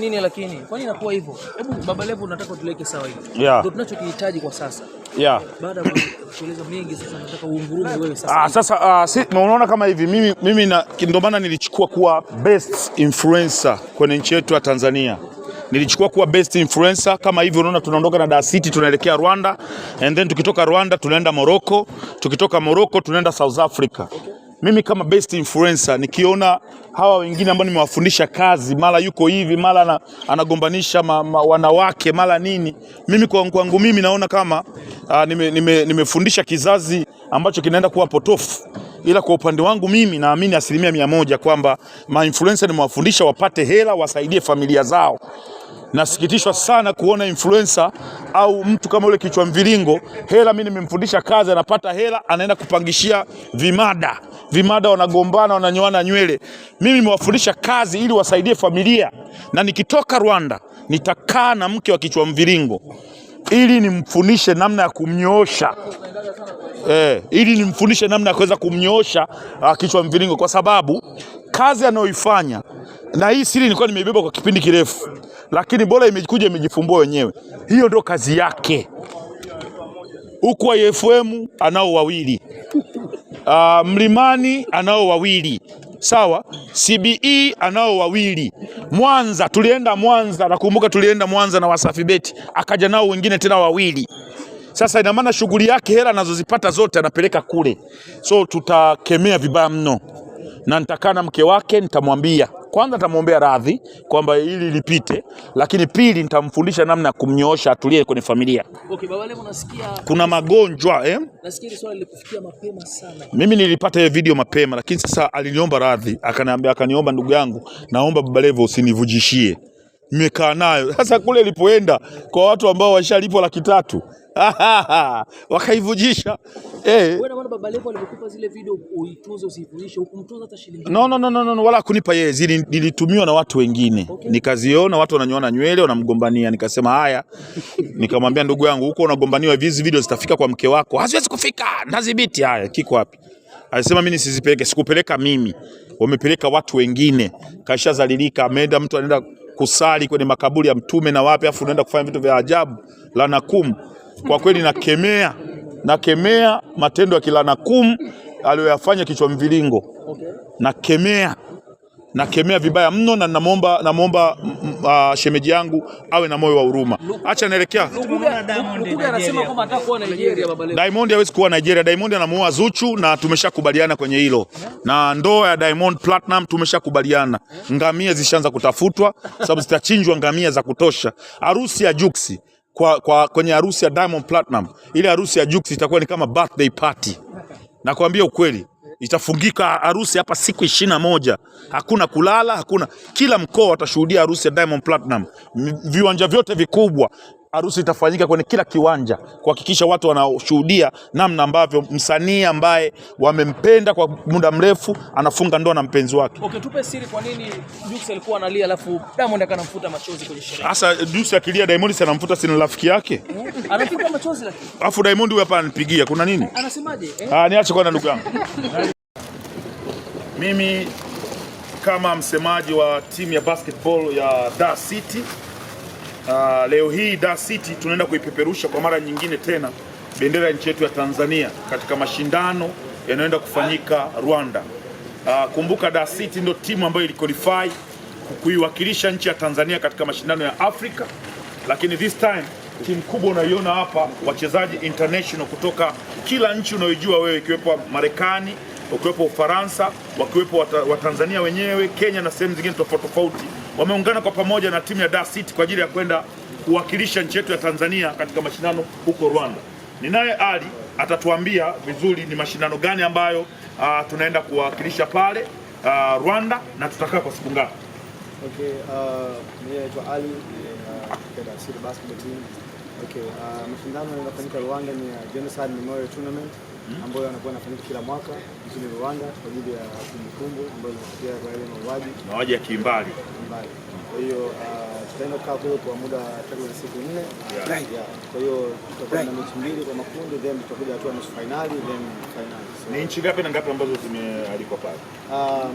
nini lakini, kwani inakuwa hivyo? Hebu Baba Levo, nataka tuweke sawa hivi yeah. ndio tunachokihitaji kwa sasa yeah. baada ya kueleza mengi sasa, nataka uungurume wewe sasa. Ah, sasa, uh, si, unaona kama hivi mimi, mimi na ndio maana nilichukua kuwa best influencer kwenye nchi yetu ya Tanzania nilichukua kuwa best influencer kama hivi Unaona, tunaondoka na Dar City tunaelekea Rwanda, and then tukitoka Rwanda tunaenda Morocco, tukitoka Morocco tunaenda South Africa okay mimi kama best influencer nikiona hawa wengine ambao nimewafundisha kazi, mara yuko hivi, mara anagombanisha ma, ma, wanawake, mara nini, mimi kwangu kwangu mimi naona kama nimefundisha ah, nime, nime kizazi ambacho kinaenda kuwa potofu, ila kwa upande wangu mimi naamini asilimia mia moja kwamba ma influencer nimewafundisha wapate hela, wasaidie familia zao. Nasikitishwa sana kuona influencer au mtu kama ule kichwa mviringo, hela. Mimi nimemfundisha kazi, anapata hela, anaenda kupangishia vimada vimada wanagombana, wananyoana nywele. Mimi nimewafundisha kazi ili wasaidie familia, na nikitoka Rwanda nitakaa na mke wa kichwa mviringo ili nimfundishe namna ya kumnyoosha eh, ili nimfundishe namna ya kuweza kumnyoosha uh, kichwa mviringo, kwa sababu kazi anayoifanya, na hii siri nilikuwa nimeibeba kwa kipindi kirefu, lakini bora imekuja imejifumbua wenyewe. Hiyo ndo kazi yake huku. FM anao wawili uh, Mlimani anao wawili sawa, CBE anao wawili. Mwanza tulienda Mwanza, nakumbuka tulienda Mwanza na Wasafi Beti, akaja nao wengine tena wawili. Sasa ina maana shughuli yake, hela anazozipata zote anapeleka kule, so tutakemea vibaya mno, na nitakaa na mke wake nitamwambia kwanza nitamwombea radhi kwamba ili lipite, lakini pili nitamfundisha namna ya kumnyoosha atulie kwenye familia. Okay, baba leo kuna magonjwa eh? Nasikia swali lilikufikia mapema sana. Mimi nilipata hiyo video mapema, lakini sasa aliniomba radhi, akaniambia akaniomba, ndugu yangu, naomba baba Levo usinivujishie, nimekaa nayo sasa kule ilipoenda kwa watu ambao washalipwa laki tatu wakaivujisha eh. No, no, no, no, no, wala kunipa yeye, zili nilitumiwa na watu wengine okay. Nikaziona watu wananyoana nywele wanamgombania, nikasema haya, nikamwambia ndugu yangu, huko unagombaniwa, hizi video zitafika kwa mke wako, haziwezi kufika, nadhibiti. Haya, kiko wapi? Alisema mimi nisizipeleke, sikupeleka mimi, wamepeleka watu wengine. Kashazalilika, ameenda mtu anaenda kusali kwenye makaburi ya Mtume na wapi, afu unaenda kufanya vitu vya ajabu lanakum kwa kweli nakemea, nakemea matendo ya kila nakum aliyoyafanya kichwa mvilingo, nakemea nakemea vibaya mno, na namwomba namwomba uh, shemeji yangu awe na moyo wa huruma. Acha naelekea Diamond hawezi kuwa Nigeria. Diamond anamuoa Zuchu na tumeshakubaliana kwenye hilo, na ndoa ya Diamond Platinum tumeshakubaliana. Ngamia zishaanza kutafutwa sababu zitachinjwa ngamia za kutosha. Harusi ya Juksi kwa, kwa, kwenye harusi ya Diamond Platinum. Ile harusi ya Jux itakuwa ni kama birthday party, nakwambia ukweli. Itafungika harusi hapa siku ishirini na moja, hakuna kulala, hakuna. Kila mkoa watashuhudia harusi ya Diamond Platinum, viwanja vyote vikubwa harusi itafanyika kwenye kila kiwanja kuhakikisha watu wanashuhudia namna ambavyo msanii ambaye wamempenda kwa muda mrefu anafunga ndoa na mpenzi wake. Okay, tupe siri kwa nini Jux alikuwa analia alafu Diamond akanamfuta machozi kwenye sherehe. Sasa Jux akilia Diamond si anamfuta sina rafiki yake. Hmm? Anafuta machozi lakini. Alafu Diamond huyu hapa anipigia, kuna nini? Anasemaje? Eh? Ah, niache kwa ndugu yangu. Mimi kama msemaji wa timu ya basketball ya Dar City Ah, leo hii Dar City tunaenda kuipeperusha kwa mara nyingine tena bendera ya nchi yetu ya Tanzania katika mashindano yanayoenda kufanyika Rwanda. Uh, kumbuka Dar City ndio timu ambayo iliqualify kuiwakilisha nchi ya Tanzania katika mashindano ya Afrika, lakini this time timu kubwa unaiona hapa, wachezaji international kutoka kila nchi unayojua wewe, ikiwepo Marekani, ukiwepo Ufaransa, wakiwepo Watanzania wenyewe, Kenya na sehemu zingine tofauti tofauti wameungana kwa pamoja na timu ya Dar City kwa ajili ya kwenda kuwakilisha nchi yetu ya Tanzania katika mashindano huko Rwanda. Ninaye Ali atatuambia vizuri ni mashindano gani ambayo uh, tunaenda kuwakilisha pale uh, Rwanda na tutakaa kwa siku ngapi? Okay, uh, Ali uh, City basketball team. Okay, uh, mashindano Rwanda ni Genocide Memorial Tournament. Mm-hmm. ambayo yanakuwa yanafanyika kila mwaka nchini Rwanda kwa ajili ya kumbukumbu ambayo inatokea kwa yale mauaji mauaji ya kimbali. Kwa hiyo uh, tutaenda kukaa kule kwa muda takriban siku nne. Kwa hiyo tutakuwa na mechi mbili kwa makundi, then tutakuja hatua nusu finali, then fainali. Ni nchi ngapi na ngapi ambazo zimealikwa pale? Um,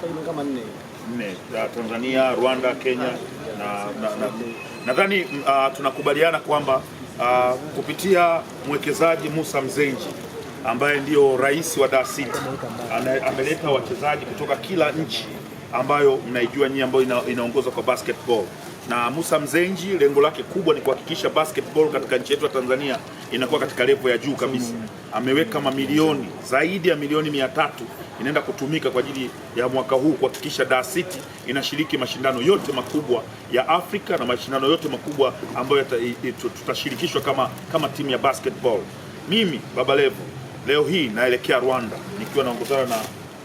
takriban kama nne nne za Tanzania, Rwanda, Kenya na ah, nadhani na, na, na, uh, tunakubaliana kwamba uh, kupitia mwekezaji Musa Mzenji ambaye ndiyo rais wa Dar City ameleta wachezaji kutoka kila nchi ambayo mnaijua nyinyi, ambayo ina, inaongozwa kwa basketball na Musa Mzenji. Lengo lake kubwa ni kuhakikisha basketball katika nchi yetu ya Tanzania inakuwa katika level ya juu kabisa. Ameweka mamilioni zaidi ya milioni mia tatu inaenda kutumika kwa ajili ya mwaka huu kuhakikisha Dar City inashiriki mashindano yote makubwa ya Afrika na mashindano yote makubwa ambayo tutashirikishwa kama, kama timu ya basketball. Mimi Baba Levo Leo hii naelekea Rwanda nikiwa naongozana na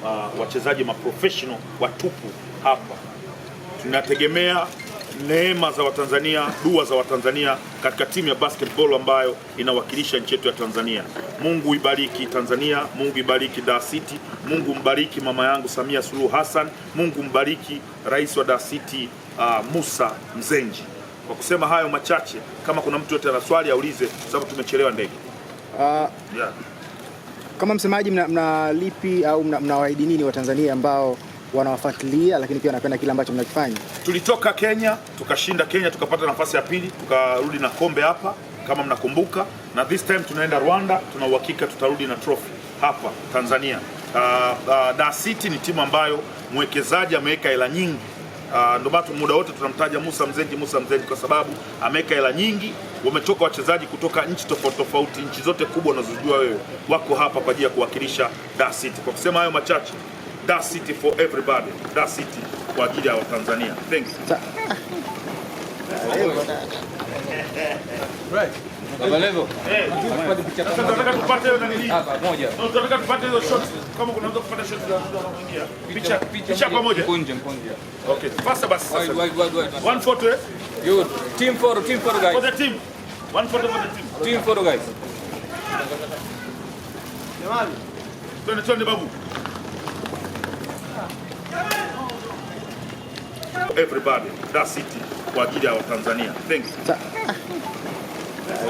uh, wachezaji maprofessional watupu hapa. Tunategemea neema za Watanzania, dua za Watanzania katika timu ya basketball ambayo inawakilisha nchi yetu ya Tanzania. Mungu ibariki Tanzania, Mungu ibariki Dar City, Mungu mbariki mama yangu Samia Suluhu Hassan, Mungu mbariki rais wa Dar City uh, Musa Mzenji. Kwa kusema hayo machache, kama kuna mtu yote ana swali aulize, sababu tumechelewa ndege. Uh, yeah. Kama msemaji, mna, mna lipi au mnawaahidi mna nini Watanzania ambao wanawafuatilia lakini pia wanapenda kile ambacho mnakifanya? Tulitoka Kenya tukashinda Kenya, tukapata nafasi ya pili, tukarudi na kombe hapa kama mnakumbuka, na this time tunaenda Rwanda, tuna uhakika tutarudi na trophy hapa Tanzania. Uh, ah, uh, ah, Dar City ni timu ambayo mwekezaji ameweka hela nyingi Ah, ndio maana muda wote tunamtaja Musa Mzengi, Musa Mzengi kwa sababu ameweka hela nyingi. Wametoka wachezaji kutoka nchi tofauti tofauti, nchi zote kubwa unazojua wewe, wako hapa kwa ajili ya kuwakilisha Dar City. Kwa kusema hayo machache, Dar City for everybody, Dar City kwa ajili ya Watanzania. Thank you. Baba Levo. Eh. Sasa tunataka tupate hiyo nani hii? Ah, Hapa moja. Tunataka tupate hizo shots. Kama kunaweza kupata shots za kuingia. Picha picha pamoja. Mkonje mkonje. Okay. Pasa basi sasa. Wide wide wide. One photo eh? You team photo team photo guys. For the team. One photo for the team. Team photo guys. Jamani. Twende twende babu. Everybody, that's it kwa ajili ya Watanzania. Thank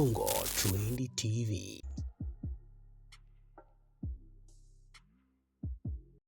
Bongo Trend TV.